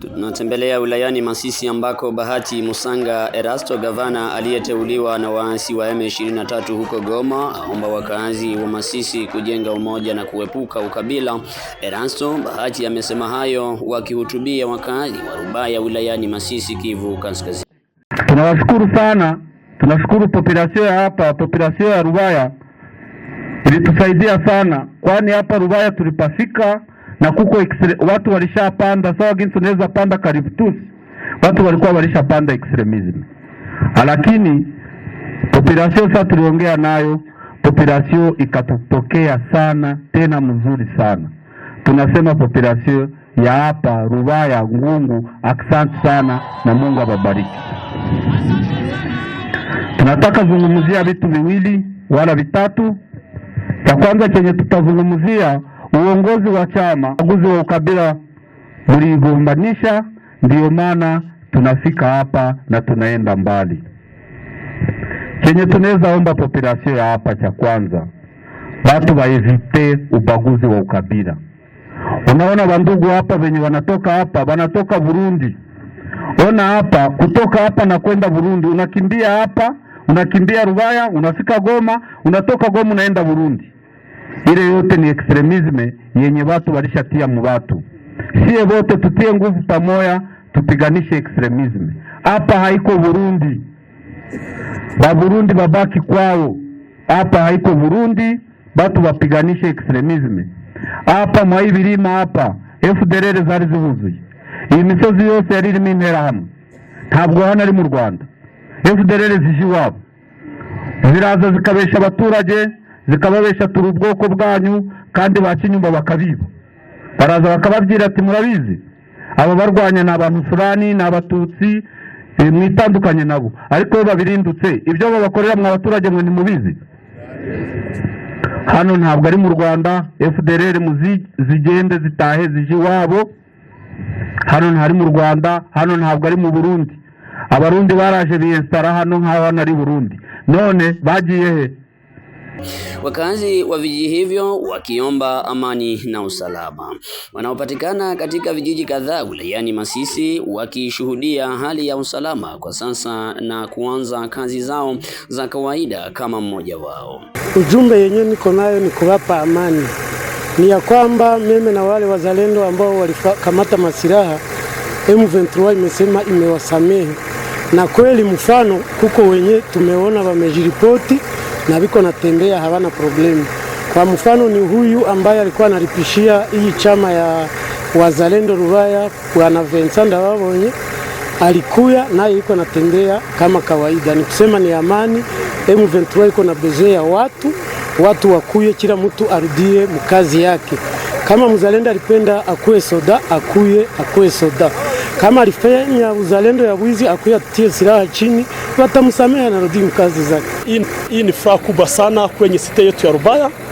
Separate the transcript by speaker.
Speaker 1: Tunatembelea wilayani Masisi ambako Bahati Musanga Erasto, gavana aliyeteuliwa na waasi wa M23 huko Goma, aomba wakazi wa Masisi kujenga umoja na kuepuka ukabila. Erasto Bahati amesema hayo wakihutubia wakazi wa Rubaya wilayani Masisi, Kivu Kaskazini.
Speaker 2: Tunawashukuru sana, tunashukuru populasio ya hapa, populasion ya Rubaya ilitusaidia sana, kwani hapa Rubaya tulipafika na kuko watu walishapanda sawa ginsi unaweza panda kariptus watu walikuwa walishapanda extremism, ah, lakini population sasa tuliongea nayo population ikatupokea sana tena mzuri sana. Tunasema population ya hapa Rubaya Ngungu, asante sana na Mungu awabariki. Tunataka zungumzia vitu viwili wala vitatu. Cha kwanza chenye tutazungumzia uongozi wa chama, ubaguzi wa ukabila uligombanisha, ndiyo maana tunafika hapa na tunaenda mbali. Chenye tunaweza omba populasio ya hapa, cha kwanza watu waevite ubaguzi wa ukabila. Unaona wandugu hapa wenye wanatoka hapa, wanatoka Burundi. Ona hapa, kutoka hapa na kwenda Burundi, unakimbia hapa, unakimbia Rubaya, unafika Goma, unatoka Goma unaenda Burundi. Ile yote ni ekstremisme yenye watu walishatia mubatu. Sie wote tutie nguvu pamoya, tupiganishe ekstremisme. Hapa haiko Burundi, Burundi babaki kwao. Hapa haiko Burundi, batu wapiganishe ekstremisme. Hapa mwa ibirima hapa FDLR zari zihuzuye iyi misozi yose yari irimo interahamwe, ntabwo hano ari mu Rwanda. FDLR zije ziraza zikabesha abaturage zikababeshya turi ubwoko bwanyu kandi ba kinyumba bakabiba baraza bakababwira ati murabizi aba barwanya ni abantu furani ni abatutsi eh, mwitandukanye nabo ariko bo babirindutse ibyo babakorera mwa baturage mwe ntimubizi hano ntabwo ari mu rwanda fdr zigende zitahe zije iwabo hano ntari mu rwanda hano ntabwo ari mu burundi abarundi baraje biyesitara hano nk'aho hano ari burundi none bagiye he
Speaker 1: Wakazi wa vijiji hivyo wakiomba amani na usalama. Wanaopatikana katika vijiji kadhaa wilayani Masisi wakishuhudia hali ya usalama kwa sasa na kuanza kazi zao za kawaida kama mmoja wao.
Speaker 3: Ujumbe yenyewe niko nayo ni kuwapa amani, ni ya kwamba mimi na wale wazalendo ambao walikamata masilaha M23 imesema imewasamehe, na kweli mfano kuko wenye tumeona wamejiripoti na biko natembea hawana problemu. Kwa mfano ni huyu ambaye alikuwa analipishia hii chama ya wazalendo Rubaya bwana Vincent Ndababonye alikuya naye iko natembea kama kawaida. Ni kusema ni amani M23 iko na beze ya watu watu wakuye, kila mtu arudie mkazi yake. Kama mzalendo alipenda akuye soda akuye akuye soda, kama alifanya uzalendo ya wizi akuye atie silaha chini watamsamehe na rudi kazi zake.
Speaker 4: Hii ni furaha kubwa sana kwenye site yetu ya Rubaya.